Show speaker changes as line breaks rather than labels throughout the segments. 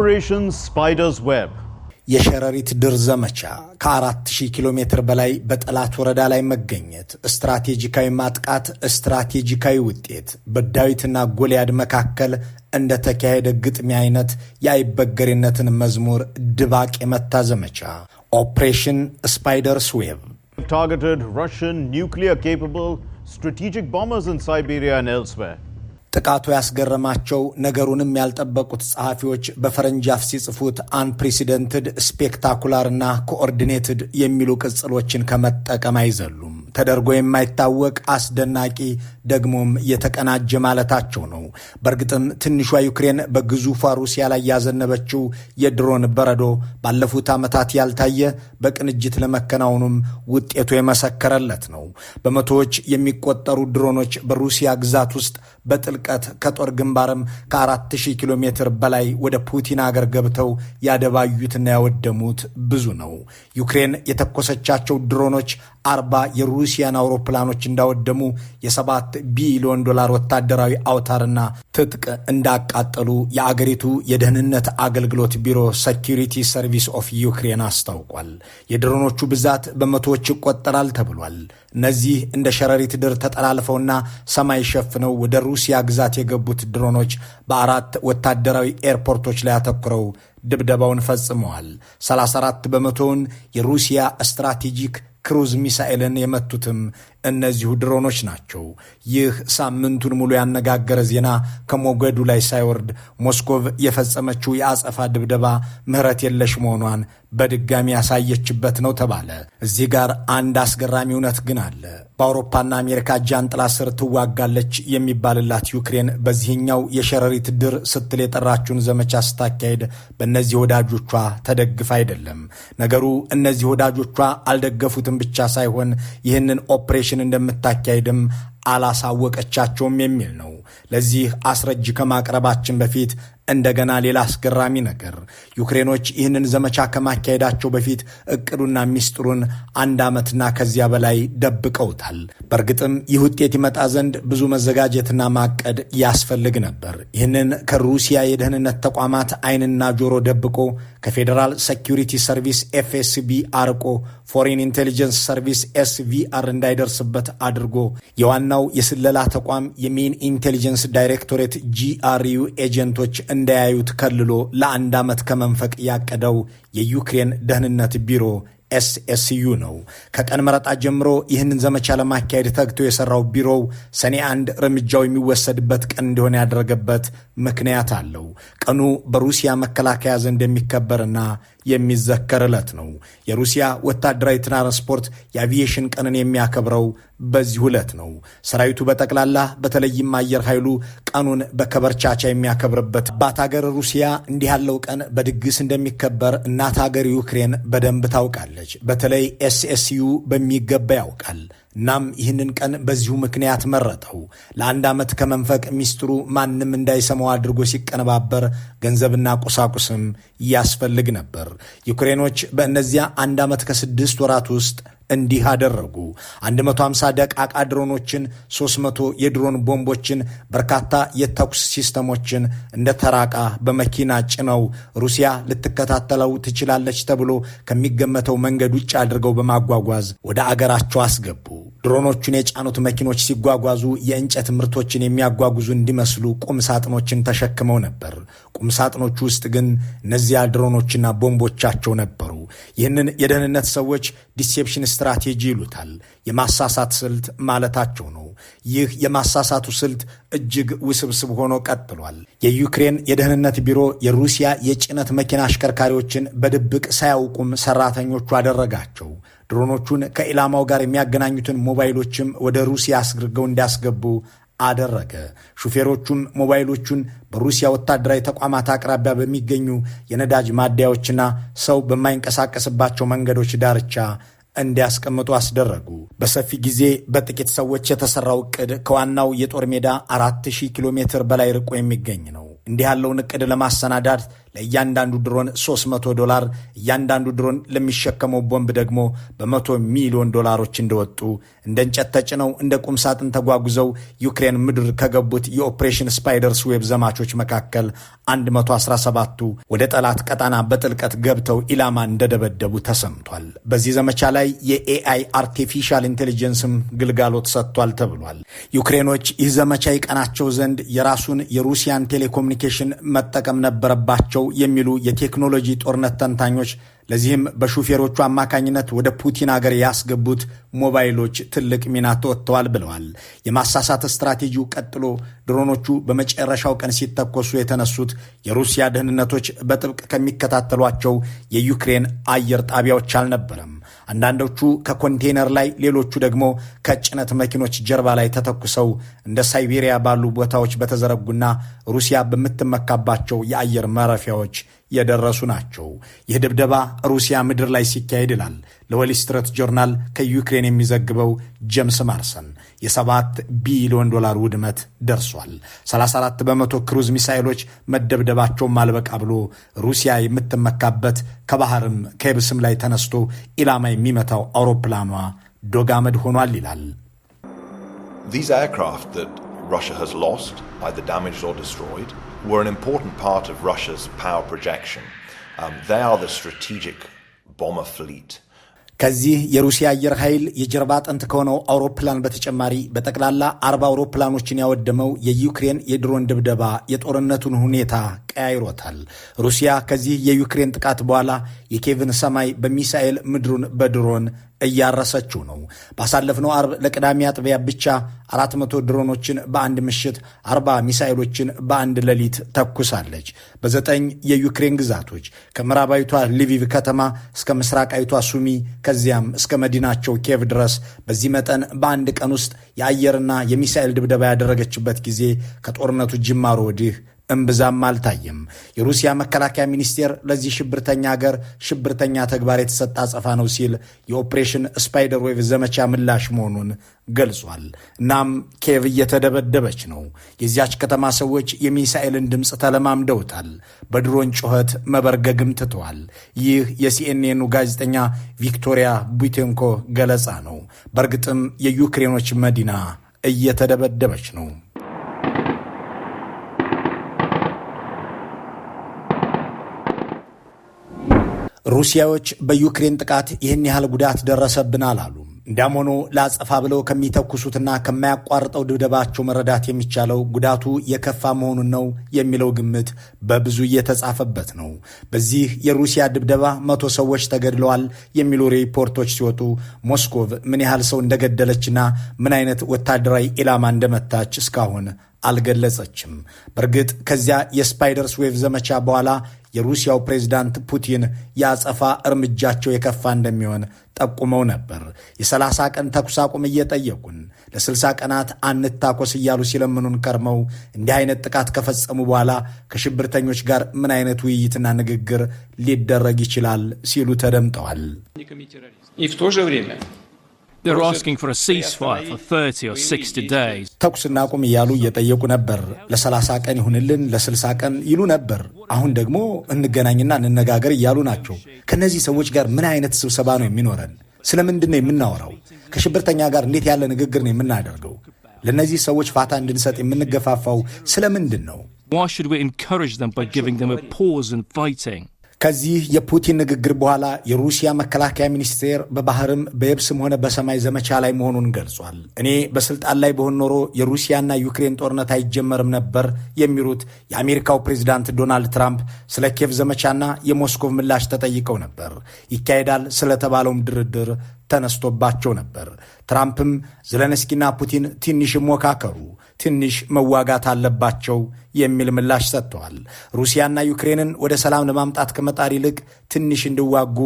ኦፕሬሽን ስፓይደርስ ዌብ የሸረሪት ድር ዘመቻ ከ4000 ኪሎ ሜትር በላይ በጠላት ወረዳ ላይ መገኘት፣ ስትራቴጂካዊ ማጥቃት፣ ስትራቴጂካዊ ውጤት በዳዊትና ጎልያድ መካከል እንደተካሄደ ግጥሚያ አይነት የአይበገሬነትን መዝሙር ድባቅ የመታ ዘመቻ ኦፕሬሽን ስፓይደርስ ዌብ
ታርጌትድ ራሽን ኒውክሊየር ኬፓብል ስትራቴጂክ ቦምበርስ ኢን ሳይቤሪያ ኤልስዌር
ጥቃቱ ያስገረማቸው ነገሩንም ያልጠበቁት ጸሐፊዎች በፈረንጅ አፍ ሲጽፉት አንፕሬሲደንትድ እና ኮኦርዲኔትድ የሚሉ ቅጽሎችን ከመጠቀም አይዘሉም። ተደርጎ የማይታወቅ አስደናቂ፣ ደግሞም የተቀናጀ ማለታቸው ነው። በእርግጥም ትንሿ ዩክሬን በግዙፏ ሩሲያ ላይ ያዘነበችው የድሮን በረዶ ባለፉት ዓመታት ያልታየ በቅንጅት ለመከናወኑም ውጤቱ የመሰከረለት ነው። በመቶዎች የሚቆጠሩ ድሮኖች በሩሲያ ግዛት ውስጥ በጥልቀት ከጦር ግንባርም ከ4000 ኪሎ ሜትር በላይ ወደ ፑቲን አገር ገብተው ያደባዩትና ያወደሙት ብዙ ነው። ዩክሬን የተኮሰቻቸው ድሮኖች አርባ የሩሲያን አውሮፕላኖች እንዳወደሙ የሰባት ቢሊዮን ዶላር ወታደራዊ አውታርና ትጥቅ እንዳቃጠሉ የአገሪቱ የደህንነት አገልግሎት ቢሮ ሴኪሪቲ ሰርቪስ ኦፍ ዩክሬን አስታውቋል። የድሮኖቹ ብዛት በመቶዎች ይቆጠራል ተብሏል። እነዚህ እንደ ሸረሪት ድር ተጠላልፈውና ሰማይ ሸፍነው ወደ ሩሲያ ግዛት የገቡት ድሮኖች በአራት ወታደራዊ ኤርፖርቶች ላይ አተኩረው ድብደባውን ፈጽመዋል። 34 በመቶውን የሩሲያ ስትራቴጂክ ክሩዝ ሚሳኤልን የመቱትም እነዚሁ ድሮኖች ናቸው። ይህ ሳምንቱን ሙሉ ያነጋገረ ዜና ከሞገዱ ላይ ሳይወርድ ሞስኮቭ የፈጸመችው የአጸፋ ድብደባ ምሕረት የለሽ መሆኗን በድጋሚ ያሳየችበት ነው ተባለ። እዚህ ጋር አንድ አስገራሚ እውነት ግን አለ። በአውሮፓና አሜሪካ ጃንጥላ ስር ትዋጋለች የሚባልላት ዩክሬን በዚህኛው የሸረሪት ድር ስትል የጠራችውን ዘመቻ ስታካሄድ በእነዚህ ወዳጆቿ ተደግፋ አይደለም። ነገሩ እነዚህ ወዳጆቿ አልደገፉትም ማድረግን ብቻ ሳይሆን ይህንን ኦፕሬሽን እንደምታካሄድም አላሳወቀቻቸውም የሚል ነው። ለዚህ አስረጅ ከማቅረባችን በፊት እንደገና ሌላ አስገራሚ ነገር ዩክሬኖች ይህንን ዘመቻ ከማካሄዳቸው በፊት እቅዱና ሚስጥሩን አንድ ዓመትና ከዚያ በላይ ደብቀውታል። በእርግጥም ይህ ውጤት ይመጣ ዘንድ ብዙ መዘጋጀትና ማቀድ ያስፈልግ ነበር። ይህንን ከሩሲያ የደህንነት ተቋማት ዓይንና ጆሮ ደብቆ ከፌዴራል ሴኪሪቲ ሰርቪስ ኤፍኤስቢ አርቆ ፎሬን ኢንቴሊጀንስ ሰርቪስ ኤስቪአር እንዳይደርስበት አድርጎ የዋናው የስለላ ተቋም የሜን ኢንቴሊጀንስ ዳይሬክቶሬት ጂአርዩ ኤጀንቶች እንዳያዩት ከልሎ ለአንድ ዓመት ከመንፈቅ ያቀደው የዩክሬን ደህንነት ቢሮ ኤስኤስዩ ነው። ከቀን መረጣ ጀምሮ ይህንን ዘመቻ ለማካሄድ ተግቶ የሰራው ቢሮው ሰኔ አንድ እርምጃው የሚወሰድበት ቀን እንደሆነ ያደረገበት ምክንያት አለው። ቀኑ በሩሲያ መከላከያ ዘንድ የሚከበርና የሚዘከር ዕለት ነው። የሩሲያ ወታደራዊ ትራንስፖርት የአቪዬሽን ቀንን የሚያከብረው በዚህ ዕለት ነው። ሰራዊቱ በጠቅላላ በተለይም አየር ኃይሉ ቀኑን በከበርቻቻ የሚያከብርበት አባት ሀገር ሩሲያ እንዲህ ያለው ቀን በድግስ እንደሚከበር እናት ሀገር ዩክሬን በደንብ ታውቃለች። በተለይ ኤስኤስዩ በሚገባ ያውቃል። እናም ይህንን ቀን በዚሁ ምክንያት መረጠው። ለአንድ ዓመት ከመንፈቅ ሚስጥሩ ማንም እንዳይሰማው አድርጎ ሲቀነባበር ገንዘብና ቁሳቁስም ያስፈልግ ነበር። ዩክሬኖች በእነዚያ አንድ ዓመት ከስድስት ወራት ውስጥ እንዲህ አደረጉ። 150 ደቃቃ ድሮኖችን፣ 300 የድሮን ቦምቦችን፣ በርካታ የተኩስ ሲስተሞችን እንደ ተራቃ በመኪና ጭነው ሩሲያ ልትከታተለው ትችላለች ተብሎ ከሚገመተው መንገድ ውጭ አድርገው በማጓጓዝ ወደ አገራቸው አስገቡ። ድሮኖቹን የጫኑት መኪኖች ሲጓጓዙ የእንጨት ምርቶችን የሚያጓጉዙ እንዲመስሉ ቁም ሳጥኖችን ተሸክመው ነበር። ቁም ሳጥኖቹ ውስጥ ግን እነዚያ ድሮኖችና ቦምቦቻቸው ነበሩ። ይህንን የደህንነት ሰዎች ዲሴፕሽን ስትራቴጂ ይሉታል፣ የማሳሳት ስልት ማለታቸው ነው። ይህ የማሳሳቱ ስልት እጅግ ውስብስብ ሆኖ ቀጥሏል። የዩክሬን የደህንነት ቢሮ የሩሲያ የጭነት መኪና አሽከርካሪዎችን በድብቅ ሳያውቁም ሰራተኞቹ አደረጋቸው። ድሮኖቹን ከኢላማው ጋር የሚያገናኙትን ሞባይሎችም ወደ ሩሲያ አስግርገው እንዲያስገቡ አደረገ። ሹፌሮቹም ሞባይሎቹን በሩሲያ ወታደራዊ ተቋማት አቅራቢያ በሚገኙ የነዳጅ ማደያዎችና ሰው በማይንቀሳቀስባቸው መንገዶች ዳርቻ እንዲያስቀምጡ አስደረጉ። በሰፊ ጊዜ በጥቂት ሰዎች የተሰራው እቅድ ከዋናው የጦር ሜዳ 4000 ኪሎ ሜትር በላይ ርቆ የሚገኝ ነው። እንዲህ ያለውን እቅድ ለማሰናዳት ለእያንዳንዱ ድሮን 300 ዶላር፣ እያንዳንዱ ድሮን ለሚሸከመው ቦምብ ደግሞ በመቶ ሚሊዮን ዶላሮች እንደወጡ እንደ እንጨት ተጭነው እንደ ቁም ሳጥን ተጓጉዘው ዩክሬን ምድር ከገቡት የኦፕሬሽን ስፓይደርስ ዌብ ዘማቾች መካከል 117ቱ ወደ ጠላት ቀጣና በጥልቀት ገብተው ኢላማ እንደደበደቡ ተሰምቷል። በዚህ ዘመቻ ላይ የኤአይ አርቲፊሻል ኢንቴሊጀንስም ግልጋሎት ሰጥቷል ተብሏል። ዩክሬኖች ይህ ዘመቻ ይቀናቸው ዘንድ የራሱን የሩሲያን ቴሌኮሙኒኬሽን መጠቀም ነበረባቸው ናቸው የሚሉ የቴክኖሎጂ ጦርነት ተንታኞች ለዚህም በሹፌሮቹ አማካኝነት ወደ ፑቲን አገር ያስገቡት ሞባይሎች ትልቅ ሚና ተወጥተዋል ብለዋል። የማሳሳት ስትራቴጂው ቀጥሎ ድሮኖቹ በመጨረሻው ቀን ሲተኮሱ የተነሱት የሩሲያ ደህንነቶች በጥብቅ ከሚከታተሏቸው የዩክሬን አየር ጣቢያዎች አልነበረም። አንዳንዶቹ ከኮንቴነር ላይ፣ ሌሎቹ ደግሞ ከጭነት መኪኖች ጀርባ ላይ ተተኩሰው እንደ ሳይቤሪያ ባሉ ቦታዎች በተዘረጉና ሩሲያ በምትመካባቸው የአየር ማረፊያዎች የደረሱ ናቸው። ይህ ድብደባ ሩሲያ ምድር ላይ ሲካሄድ ይላል ለወሊስትረት ጆርናል ከዩክሬን የሚዘግበው ጀምስ ማርሰን የሰባት ቢሊዮን ዶላር ውድመት ደርሷል። 34 በመቶ ክሩዝ ሚሳይሎች መደብደባቸውን አልበቃ ብሎ ሩሲያ የምትመካበት ከባህርም ከየብስም ላይ ተነስቶ ኢላማ የሚመታው አውሮፕላኗ ዶጋመድ ሆኗል ይላል።
These aircraft that Russia has lost, either damaged or destroyed, were an important part of Russia's power projection. Um, they are the strategic bomber fleet.
ከዚህ የሩሲያ አየር ኃይል የጀርባ አጥንት ከሆነው አውሮፕላን በተጨማሪ በጠቅላላ አርባ አውሮፕላኖችን ያወደመው የዩክሬን የድሮን ድብደባ የጦርነቱን ሁኔታ ቀያይሮታል። ሩሲያ ከዚህ የዩክሬን ጥቃት በኋላ የኬቭን ሰማይ በሚሳኤል ምድሩን በድሮን እያረሰችው ነው። ባሳለፍነው አርብ ለቅዳሜ አጥቢያ ብቻ 400 ድሮኖችን በአንድ ምሽት 40 ሚሳኤሎችን በአንድ ሌሊት ተኩሳለች። በዘጠኝ የዩክሬን ግዛቶች ከምዕራባዊቷ ሊቪቭ ከተማ እስከ ምስራቃዊቷ ሱሚ ከዚያም እስከ መዲናቸው ኬቭ ድረስ በዚህ መጠን በአንድ ቀን ውስጥ የአየርና የሚሳኤል ድብደባ ያደረገችበት ጊዜ ከጦርነቱ ጅማሮ ወዲህ እምብዛም አልታየም። የሩሲያ መከላከያ ሚኒስቴር ለዚህ ሽብርተኛ ሀገር ሽብርተኛ ተግባር የተሰጠ አጸፋ ነው ሲል የኦፕሬሽን ስፓይደር ዌቭ ዘመቻ ምላሽ መሆኑን ገልጿል። እናም ኬቭ እየተደበደበች ነው። የዚያች ከተማ ሰዎች የሚሳኤልን ድምፅ ተለማምደውታል። በድሮን ጩኸት መበርገግም ትተዋል። ይህ የሲኤንኤኑ ጋዜጠኛ ቪክቶሪያ ቡቴንኮ ገለጻ ነው። በእርግጥም የዩክሬኖች መዲና እየተደበደበች ነው። ሩሲያዎች በዩክሬን ጥቃት ይህን ያህል ጉዳት ደረሰብን አላሉ። እንዲያም ሆኖ ለአጸፋ ብለው ከሚተኩሱትና ከማያቋርጠው ድብደባቸው መረዳት የሚቻለው ጉዳቱ የከፋ መሆኑን ነው የሚለው ግምት በብዙ እየተጻፈበት ነው። በዚህ የሩሲያ ድብደባ መቶ ሰዎች ተገድለዋል የሚሉ ሪፖርቶች ሲወጡ ሞስኮቭ ምን ያህል ሰው እንደገደለችና ምን አይነት ወታደራዊ ኢላማ እንደመታች እስካሁን አልገለጸችም። በእርግጥ ከዚያ የስፓይደርስ ዌቭ ዘመቻ በኋላ የሩሲያው ፕሬዚዳንት ፑቲን የአጸፋ እርምጃቸው የከፋ እንደሚሆን ጠቁመው ነበር። የ30 ቀን ተኩስ አቁም እየጠየቁን ለ60 ቀናት አንታኮስ እያሉ ሲለምኑን ከርመው እንዲህ አይነት ጥቃት ከፈጸሙ በኋላ ከሽብርተኞች ጋር ምን አይነት ውይይትና ንግግር ሊደረግ ይችላል ሲሉ ተደምጠዋል። ተኩስ እናቁም እያሉ እየጠየቁ ነበር ለሰላሳ ለ30 ቀን ይሁንልን ለስልሳ ቀን ይሉ ነበር። አሁን ደግሞ እንገናኝና እንነጋገር እያሉ ናቸው። ከእነዚህ ሰዎች ጋር ምን አይነት ስብሰባ ነው የሚኖረን? ስለምንድን ነው የምናወራው? ከሽብርተኛ ጋር እንዴት ያለ ንግግር ነው የምናደርገው? ለእነዚህ ሰዎች ፋታ እንድንሰጥ የምንገፋፋው ስለምንድን ነው? ከዚህ የፑቲን ንግግር በኋላ የሩሲያ መከላከያ ሚኒስቴር በባህርም በየብስም ሆነ በሰማይ ዘመቻ ላይ መሆኑን ገልጿል። እኔ በስልጣን ላይ በሆን ኖሮ የሩሲያና ዩክሬን ጦርነት አይጀመርም ነበር የሚሉት የአሜሪካው ፕሬዚዳንት ዶናልድ ትራምፕ ስለ ኬቭ ዘመቻና የሞስኮቭ ምላሽ ተጠይቀው ነበር። ይካሄዳል ስለተባለውም ድርድር ተነስቶባቸው ነበር። ትራምፕም ዘለንስኪና ፑቲን ትንሽ ሞካከሩ፣ ትንሽ መዋጋት አለባቸው የሚል ምላሽ ሰጥተዋል። ሩሲያና ዩክሬንን ወደ ሰላም ለማምጣት ከመጣር ይልቅ ትንሽ እንዲዋጉ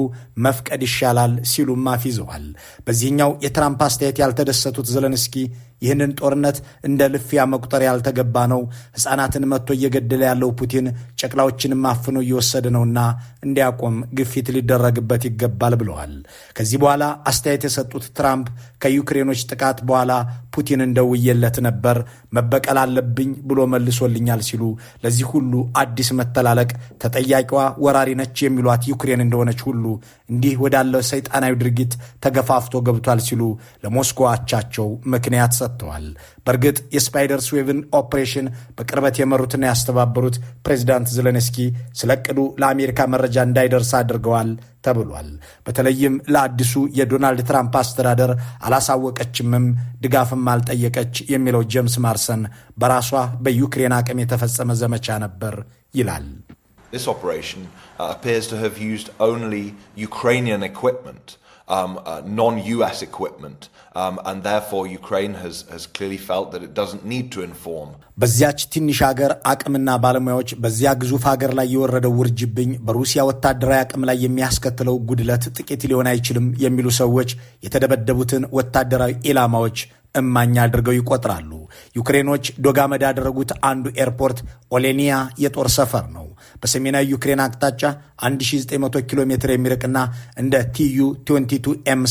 መፍቀድ ይሻላል ሲሉም አፊዘዋል። በዚህኛው የትራምፕ አስተያየት ያልተደሰቱት ዘለንስኪ ይህንን ጦርነት እንደ ልፊያ መቁጠር ያልተገባ ነው። ሕፃናትን መጥቶ እየገደለ ያለው ፑቲን ጨቅላዎችንም አፍኖ እየወሰደ ነውና እንዲያቆም ግፊት ሊደረግበት ይገባል ብለዋል። ከዚህ በኋላ አስተያየት የሰጡት ትራምፕ ከዩክሬኖች ጥቃት በኋላ ፑቲን ደውዬለት ነበር። መበቀል አለብኝ ብሎ መልሶልኛል ሲሉ ለዚህ ሁሉ አዲስ መተላለቅ ተጠያቂዋ ወራሪ ነች የሚሏት ዩክሬን እንደሆነች ሁሉ እንዲህ ወዳለው ሰይጣናዊ ድርጊት ተገፋፍቶ ገብቷል ሲሉ ለሞስኮ አቻቸው ምክንያት ሰጥተዋል። በእርግጥ የስፓይደርስ ዌቭን ኦፕሬሽን በቅርበት የመሩትና ያስተባበሩት ፕሬዚዳንት ዘለንስኪ ስለ ለአሜሪካ መረጃ እንዳይደርስ አድርገዋል ተብሏል። በተለይም ለአዲሱ የዶናልድ ትራምፕ አስተዳደር አላሳወቀችምም፣ ድጋፍም አልጠየቀች የሚለው ጄምስ ማርሰን በራሷ በዩክሬን አቅም የተፈጸመ ዘመቻ ነበር ይላል።
This operation uh, appears to have used only Ukrainian equipment. um, uh, non-US equipment, um, and therefore Ukraine has, has clearly felt that it doesn't need to inform.
በዚያች ትንሽ ሀገር አቅምና ባለሙያዎች በዚያ ግዙፍ ሀገር ላይ የወረደው ውርጅብኝ በሩሲያ ወታደራዊ አቅም ላይ የሚያስከትለው ጉድለት ጥቂት ሊሆን አይችልም የሚሉ ሰዎች የተደበደቡትን ወታደራዊ ኢላማዎች እማኝ አድርገው ይቆጥራሉ። ዩክሬኖች ዶጋመድ ያደረጉት አንዱ ኤርፖርት ኦሌኒያ የጦር ሰፈር ነው። በሰሜናዊ ዩክሬን አቅጣጫ 1900 ኪሎ ሜትር የሚርቅና እንደ ቲዩ 22 ኤም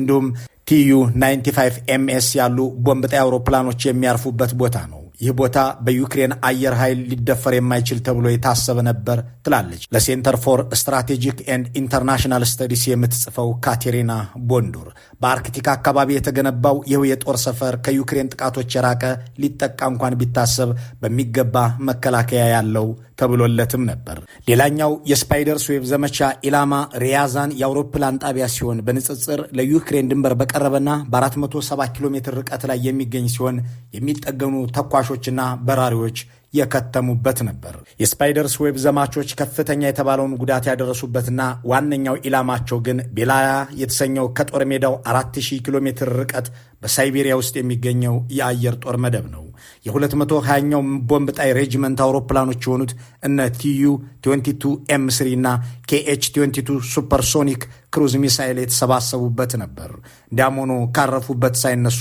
እንዲሁም ቲዩ 95 ኤምኤስ ያሉ ቦምብ ጣይ አውሮፕላኖች የሚያርፉበት ቦታ ነው። ይህ ቦታ በዩክሬን አየር ኃይል ሊደፈር የማይችል ተብሎ የታሰበ ነበር ትላለች ለሴንተር ፎር ስትራቴጂክ ኤንድ ኢንተርናሽናል ስተዲስ የምትጽፈው ካቴሪና ቦንዱር። በአርክቲክ አካባቢ የተገነባው ይህ የጦር ሰፈር ከዩክሬን ጥቃቶች የራቀ ሊጠቃ እንኳን ቢታሰብ በሚገባ መከላከያ ያለው ተብሎለትም ነበር። ሌላኛው የስፓይደር ስዌብ ዘመቻ ኢላማ ሪያዛን የአውሮፕላን ጣቢያ ሲሆን በንጽጽር ለዩክሬን ድንበር በቀረበና በ 47 ኪሎ ሜትር ርቀት ላይ የሚገኝ ሲሆን የሚጠገኑ ተኳሾችና በራሪዎች የከተሙበት ነበር። የስፓይደርስ ዌብ ዘማቾች ከፍተኛ የተባለውን ጉዳት ያደረሱበትና ዋነኛው ኢላማቸው ግን ቤላያ የተሰኘው ከጦር ሜዳው 4000 ኪሎ ሜትር ርቀት በሳይቤሪያ ውስጥ የሚገኘው የአየር ጦር መደብ ነው። የ220ኛው ቦምብ ጣይ ሬጅመንት አውሮፕላኖች የሆኑት እነ ቲዩ 22 ኤም 3 እና ኬኤች 22 ሱፐርሶኒክ ክሩዝ ሚሳይል የተሰባሰቡበት ነበር። እንዲያም ሆኖ ካረፉበት ሳይነሱ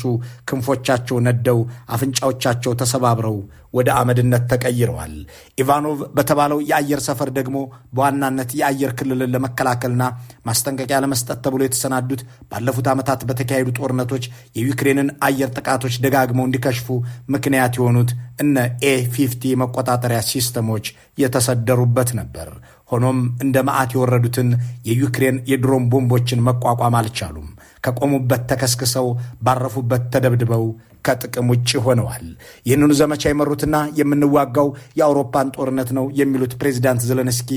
ክንፎቻቸው ነደው አፍንጫዎቻቸው ተሰባብረው ወደ አመድነት ተቀይረዋል። ኢቫኖቭ በተባለው የአየር ሰፈር ደግሞ በዋናነት የአየር ክልልን ለመከላከልና ማስጠንቀቂያ ለመስጠት ተብሎ የተሰናዱት ባለፉት ዓመታት በተካሄዱ ጦርነቶች የዩክሬንን አየር ጥቃቶች ደጋግመው እንዲከሽፉ ምክ ምክንያት የሆኑት እነ ኤ50 መቆጣጠሪያ ሲስተሞች የተሰደሩበት ነበር። ሆኖም እንደ መዓት የወረዱትን የዩክሬን የድሮን ቦምቦችን መቋቋም አልቻሉም። ከቆሙበት ተከስክሰው ባረፉበት ተደብድበው ከጥቅም ውጭ ሆነዋል። ይህንኑ ዘመቻ የመሩትና የምንዋጋው የአውሮፓን ጦርነት ነው የሚሉት ፕሬዚዳንት ዘለንስኪ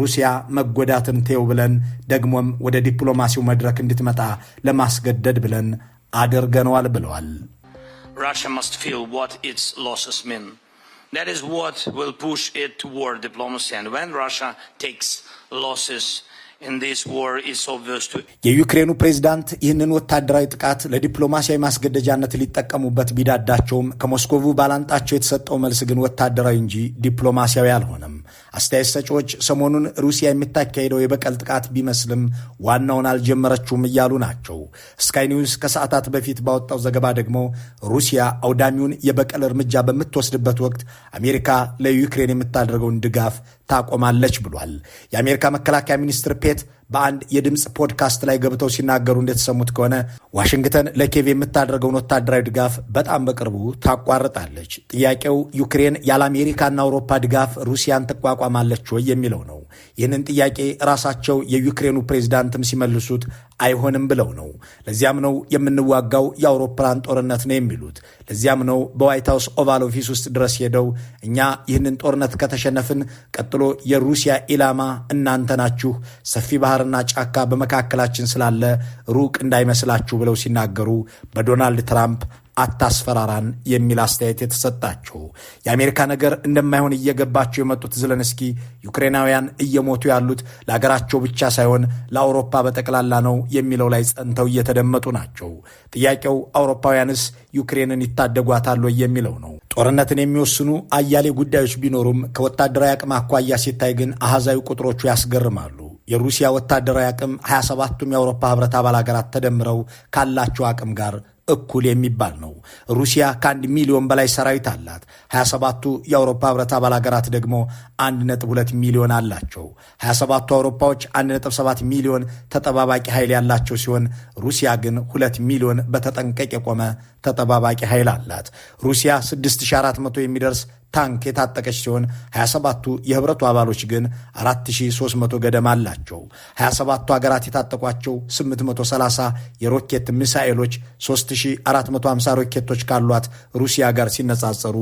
ሩሲያ መጎዳትን ተው ብለን ደግሞም ወደ ዲፕሎማሲው መድረክ እንድትመጣ ለማስገደድ ብለን አድርገነዋል ብለዋል።
Russia must feel what its losses mean. That is what will push it toward diplomacy. And when Russia takes losses
የዩክሬኑ ፕሬዝዳንት ይህንን ወታደራዊ ጥቃት ለዲፕሎማሲያዊ ማስገደጃነት ሊጠቀሙበት ቢዳዳቸውም ከሞስኮቭ ባላንጣቸው የተሰጠው መልስ ግን ወታደራዊ እንጂ ዲፕሎማሲያዊ አልሆነም። አስተያየት ሰጪዎች ሰሞኑን ሩሲያ የምታካሄደው የበቀል ጥቃት ቢመስልም ዋናውን አልጀመረችውም እያሉ ናቸው። ስካይ ኒውስ ከሰዓታት በፊት ባወጣው ዘገባ ደግሞ ሩሲያ አውዳሚውን የበቀል እርምጃ በምትወስድበት ወቅት አሜሪካ ለዩክሬን የምታደርገውን ድጋፍ ታቆማለች ብሏል። የአሜሪካ መከላከያ ሚኒስትር ፔት በአንድ የድምፅ ፖድካስት ላይ ገብተው ሲናገሩ እንደተሰሙት ከሆነ ዋሽንግተን ለኬቭ የምታደርገውን ወታደራዊ ድጋፍ በጣም በቅርቡ ታቋርጣለች። ጥያቄው ዩክሬን ያለ አሜሪካና አውሮፓ ድጋፍ ሩሲያን ትቋቋማለች ወይ የሚለው ነው። ይህንን ጥያቄ ራሳቸው የዩክሬኑ ፕሬዚዳንትም ሲመልሱት አይሆንም ብለው ነው። ለዚያም ነው የምንዋጋው የአውሮፕላን ጦርነት ነው የሚሉት። ለዚያም ነው በዋይት ሀውስ ኦቫል ኦፊስ ውስጥ ድረስ ሄደው እኛ ይህንን ጦርነት ከተሸነፍን ቀጥሎ የሩሲያ ኢላማ እናንተ ናችሁ ሰፊ ባህር ባህርና ጫካ በመካከላችን ስላለ ሩቅ እንዳይመስላችሁ ብለው ሲናገሩ በዶናልድ ትራምፕ አታስፈራራን የሚል አስተያየት የተሰጣቸው የአሜሪካ ነገር እንደማይሆን እየገባቸው የመጡት ዘለንስኪ ዩክሬናውያን እየሞቱ ያሉት ለሀገራቸው ብቻ ሳይሆን ለአውሮፓ በጠቅላላ ነው የሚለው ላይ ጸንተው እየተደመጡ ናቸው። ጥያቄው አውሮፓውያንስ ዩክሬንን ይታደጓታል የሚለው ነው። ጦርነትን የሚወስኑ አያሌ ጉዳዮች ቢኖሩም ከወታደራዊ አቅም አኳያ ሲታይ ግን አሃዛዊ ቁጥሮቹ ያስገርማሉ። የሩሲያ ወታደራዊ አቅም 27ቱም የአውሮፓ ህብረት አባል ሀገራት ተደምረው ካላቸው አቅም ጋር እኩል የሚባል ነው። ሩሲያ ከአንድ ሚሊዮን በላይ ሰራዊት አላት። 27ቱ የአውሮፓ ህብረት አባል ሀገራት ደግሞ 1.2 ሚሊዮን አላቸው። 27ቱ አውሮፓዎች 1.7 ሚሊዮን ተጠባባቂ ኃይል ያላቸው ሲሆን ሩሲያ ግን 2 ሚሊዮን በተጠንቀቅ የቆመ ተጠባባቂ ኃይል አላት። ሩሲያ 6400 የሚደርስ ታንክ የታጠቀች ሲሆን 27ቱ የህብረቱ አባሎች ግን 4300 ገደማ አላቸው። 27ቱ ሀገራት የታጠቋቸው 830 የሮኬት ሚሳኤሎች 3450 ሮኬቶች ካሏት ሩሲያ ጋር ሲነጻጸሩ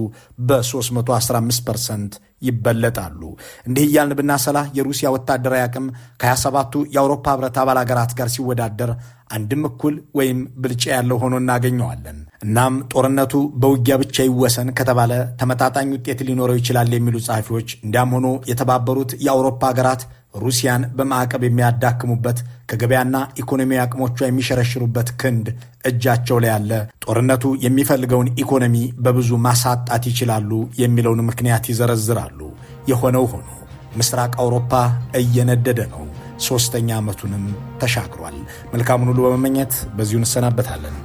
በ315 ፐርሰንት ይበለጣሉ። እንዲህ እያልን ብናሰላ የሩሲያ ወታደራዊ አቅም ከ27ቱ የአውሮፓ ህብረት አባል ሀገራት ጋር ሲወዳደር አንድም እኩል ወይም ብልጫ ያለው ሆኖ እናገኘዋለን። እናም ጦርነቱ በውጊያ ብቻ ይወሰን ከተባለ ተመጣጣኝ ውጤት ሊኖረው ይችላል የሚሉ ጸሐፊዎች፣ እንዲያም ሆኖ የተባበሩት የአውሮፓ ሀገራት ሩሲያን በማዕቀብ የሚያዳክሙበት ከገበያና ኢኮኖሚ አቅሞቿ የሚሸረሽሩበት ክንድ እጃቸው ላይ ያለ፣ ጦርነቱ የሚፈልገውን ኢኮኖሚ በብዙ ማሳጣት ይችላሉ የሚለውን ምክንያት ይዘረዝራሉ። የሆነው ሆኖ ምስራቅ አውሮፓ እየነደደ ነው። ሶስተኛ ዓመቱንም ተሻግሯል። መልካሙን ሁሉ በመመኘት በዚሁ እንሰናበታለን።